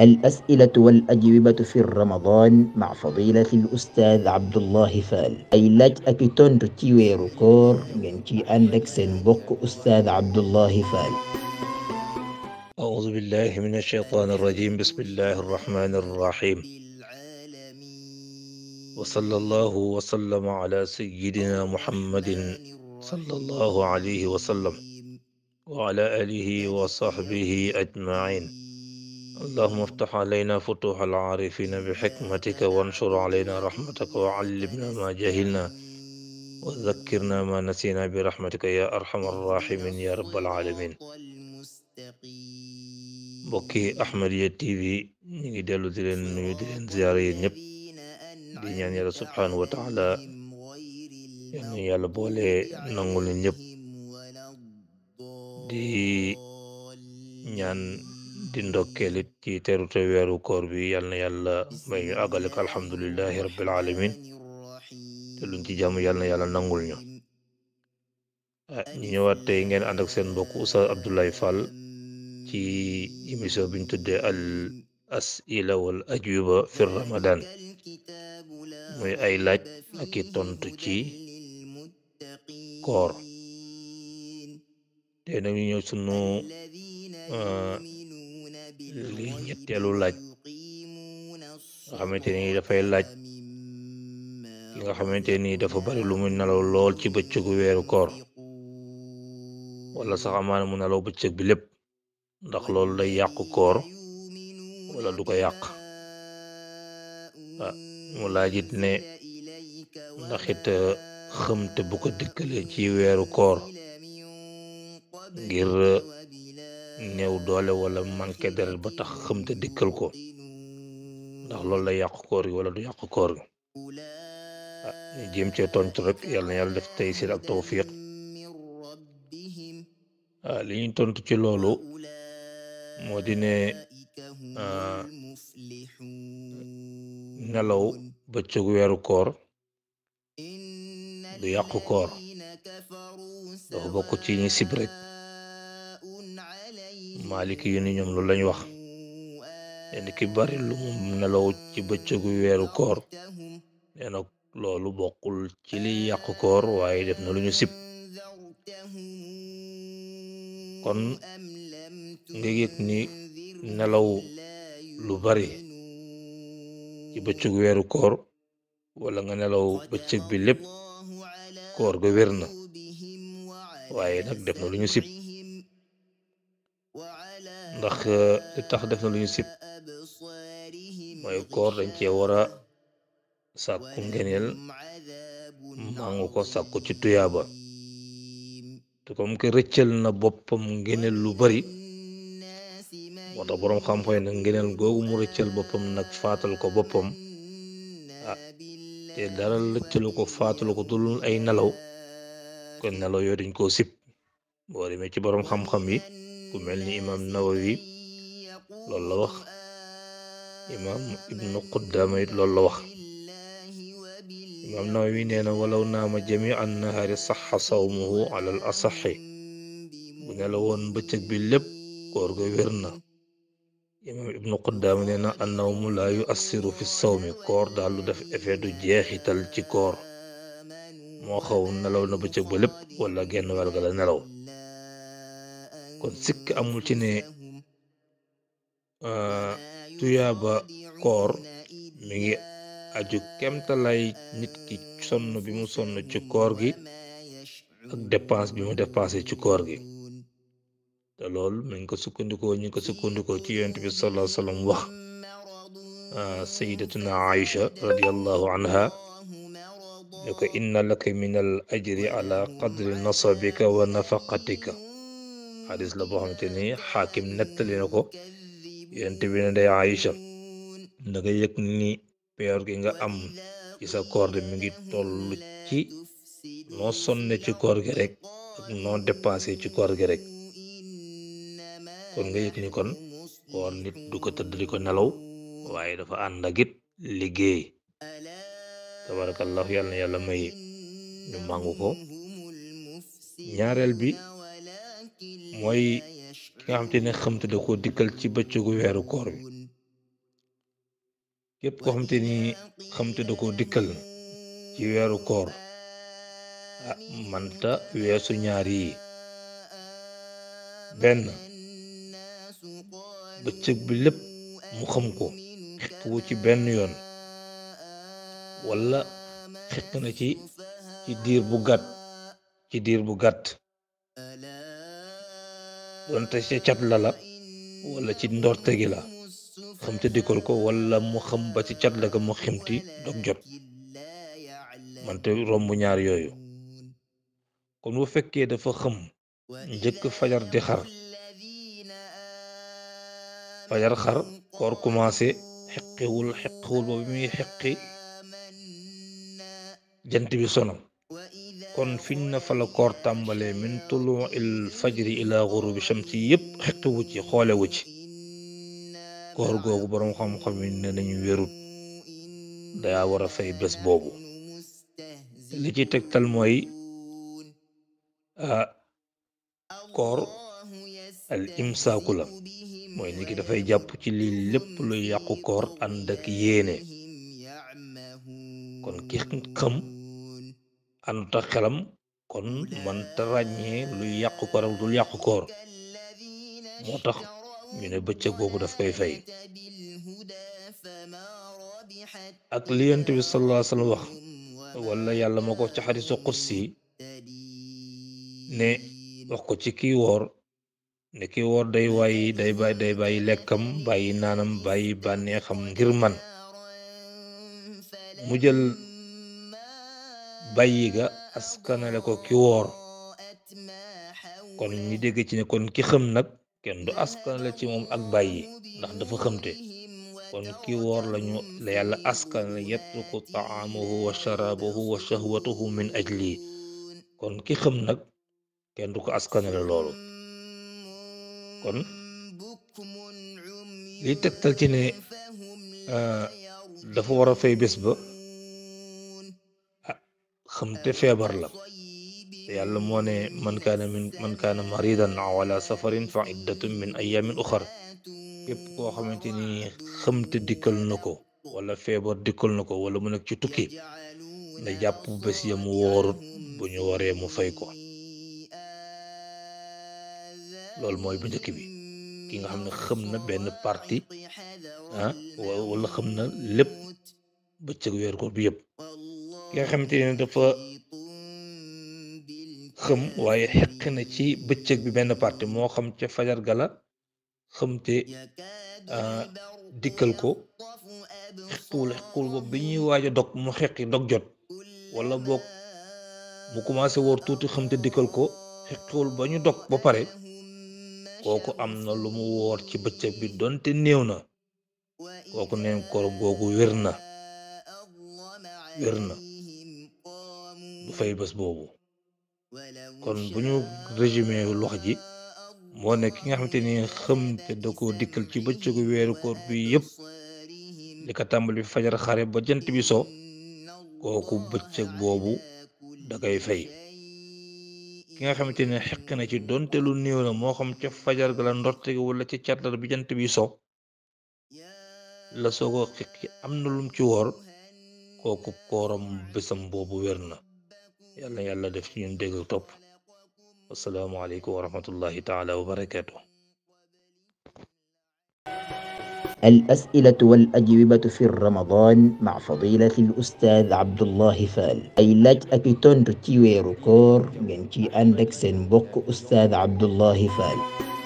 الأسئلة والأجوبة في رمضان مع فضيلة الأستاذ عبد الله فال أي laaj أكتون i tontu ينتي أندك سنبق أستاذ عبد الله فال أعوذ بالله من الشيطان الرجيم بسم الله الرحمن الرحيم وصلى الله وسلم على سيدنا محمد صلى الله عليه وسلم وعلى آله وصحبه أجمعين اللهم افتح علينا فتوح العارفين بحكمتك وانشر علينا رحمتك وعلمنا ما جهلنا وذكرنا ما نسينا برحمتك يا ارحم الراحمين يا رب العالمين بوكي احمد يا تي في نيغي ديلو ديلن نيو ديلن زياره نيب دي نيان يالا سبحانه وتعالى يانو يالا بولي نانغول نيب دي نيان di ndokkeelit ci terute weeru koor bi yal na may ñu àggalek alhamdulilahi rabbil alamin te luñ ci jàmm yal na yàlla nangul ñu ñu ñëwaat tey ngeen ànd ak seen mbokk Oustaz Abdoulaye Fall ci émission biñ tuddee al asila wal ajuba fi ramadan muy ay laaj ak tontu ci koor te nag ñu ñëw sunu uh, li ñetteelu laaj nga xamante ni dafay laaj ki nga xamante nii dafa bari lu muy nelaw lool ci bëccëgu weeru koor wala sax amaana mu nelaw bëccëg bi lépp ndax loolu day yàq koor wala du ko yàq ah mu laajit ne ndax it eh, xëmte bu ko dëkkalee ci weeru koor ngir eh, néew doole wala manqué deret ba tax xëmte dikkal ko ndax loolu la yàq koor gi wala du yàq koor gi ah ñu jéem cee tontu rek yàlla na yàlla def taysir ak tawfiq ah li ñuy tontu ci loolu moo di ne ah, nelaw bëccëg weeru koor du yàq koor dafa bokk ci ñi sib rek maliki yi ni ñoom loolu lañ wax nee ki bari lu mu nelaw ci bëccëgu weeru koor nee na loolu ci li yaq koor waye def na lu ñu kon nga ni nelaw lu bari ci bëccëgu weeru koor wala nga nelaw bëccëg bi lepp koor ga wér waye nak def na lu ñu ndax eh, li tax def na lu ñu sib mooy koor dañ cee war a sàkku ngeneel màngu ko sàkku ci tuyaaba te comme que na boppam ngeneel lu bari moo tax boroom xam-xam yi ngeneel googu mu rëccal boppam nag faatal ko boppam ah te dara rëccalu ko faatalu ko dul ay nelaw kon nelaw yooyu dañ koo sib boo demee ci xam-xam yi ku mel ni imaam nawawi loolu la wax imaam ibnu quddaama it nawawi nee na walaw naama jami an nahaari saxa sawmuhu ala al bu ne la woon bëccëg bi lépp koor ga wér na imaam ibnu quddaama nee na annawmu laa yu assiru fi sawmi koor daal lu def effet du jeexital ci koor moo xaw nelaw na bëccëg ba lépp wala genn wàll ga la nelaw kon sikk amul ci ne euh, tuyaaba koor mu ngi aju kemtalay nit ki sonn bi mu sonn ci koor gi ak dépense bi mu dépensé ci koor gi te loolu mi ngi ko sukkandikoo ñu ngi ko sukkandikoo ci yonent bi sallallahu alayhi wa sallam wax euh, sayyidatuna Aïcha radiyallahu anha ne ko inna laka min al ajri ala qadri nasabika wa nafaqatika xadis la boo xamante ni xaakim nettali na ko yonent bi ne day Aïcha da nga ni peer gi nga am ci sa koor de mu ngi toll ci noo sonne ci koor gi rek ak noo ci koor gi rek kon nga yëg ni kon koor nit du ko tëddali ko nelaw waaye dafa ànd ak it liggéey tabarakallahu yàlla na yàlla may ñu màngu ko ñaareel bi moy ki nga xam te xamte da ko dikkal ci bëccëgu wéru koor bi képp ko xam ni xamte da ko dikkal ci wéru koor ah manta wésu ñaar yi benn bëccëg bi lépp mu xam ko xeq wu ci benn yoon wala xeq na ci ci diir bu gàtt ci diir bu gàtt donte ci cat la la wala ci ndorte gi la xam te dikkal ko wala mu xam ba ci cat la ko mu ximti dog jot mante romb ñaar yooyu kon bu fekkee dafa xam njëkk fajar di xar fajar xar koor commencé xeqiwul xeqiwul ba bi muy xeqi jant bi sonal kon fiñ na fa la koor tàmbalee min tuluil fajri ila gurubi shamsi yëpp xetu wu ci xoole wu ci koor googu boroom xam-xam ne nañu wérut daa war a fay bés boobu li ci tegtal mooy ah koor al imsaaku la mooy nit dafay jàpp ci lii lépp luy yàqu koor ànd ak yéene kon ki xam àndut ak xelam kon mënta ràññee luy yàqu koor ak dul tax ñu ne bëccëg boobu daf koy fay ak li bi sallallahu alayhi wa sallam wax wala yàlla moo ko ci xadisu qudsi ne wax ko ci ki woor ne kii woor day waayi day bàyyi day bàyyi lekkam bàyyi naanam bàyyi bànneexam ngir man mu jël bàyyi ga askanale ko ki woor kon ñu dégg ci ne kon ki xëm nag kenn du askanale ci moom ak bàyyi ndax dafa xëmte kon ki woor lañu la yàlla askanale yatruku taamuhu wa sharaabuhu wa shahwatuhu min ajli kon ki xëm nag kenn du ko askanale loolu kon li tegtal ci ne euh, dafa war a fay bés ba xam te feebar la yàlla moo ne man kaana min man kaana maridan aw ala safarin fa iddatun min ayamin uxar képp koo xamante ni xam te dikkal na ko wala feebar dikkal na ko wala mu nekk ci tukki na jàpp bés ya mu bu ñu waree mu fay ko loolu mooy bu njëkk bi ki nga xam ne xam parti ah wala xam lépp bëccëg weer ko bi yëpp ki nga xamante ne dafa xëm waaye xeq na ci bëccëg bi benn parti moo xam ca fajar gala xëm te ah, dikkal ko xequwul xequwul boobu bi ñuy waaj a dog mu xeqi dog jot wala boog mu commencé wóor tuuti xam te dikkal ko xequwul ba ñu dog ba pare kooku am na lu mu woor ci bëccëg bi doonte néew na kooku neen koor googu wér na wér fay bés boobu kon bu ñu résumé wax ji moo ne ki nga xamante ni xëm te da koo dikkal ci bëccëgu weeru koor bi yëpp li ko tàmbali fajar xare ba jant bi so kooku bëccëg boobu da koy fay ki nga xamante ne xeq na ci donte lu néew la moo xam ca fajar ga la ndorte gi wala ca càttar bi jant bi so la soo ko xeq am na lum ci woor kooku kooram bésam boobu wér na يلا يلا دف يون ديغل السلام عليكم ورحمة الله تعالى وبركاته الأسئلة والأجوبة في رمضان مع فضيلة الأستاذ عبد الله فال أي لاج أكيتون رتي ويروكور جنشي أندك سنبوك أستاذ عبد الله فال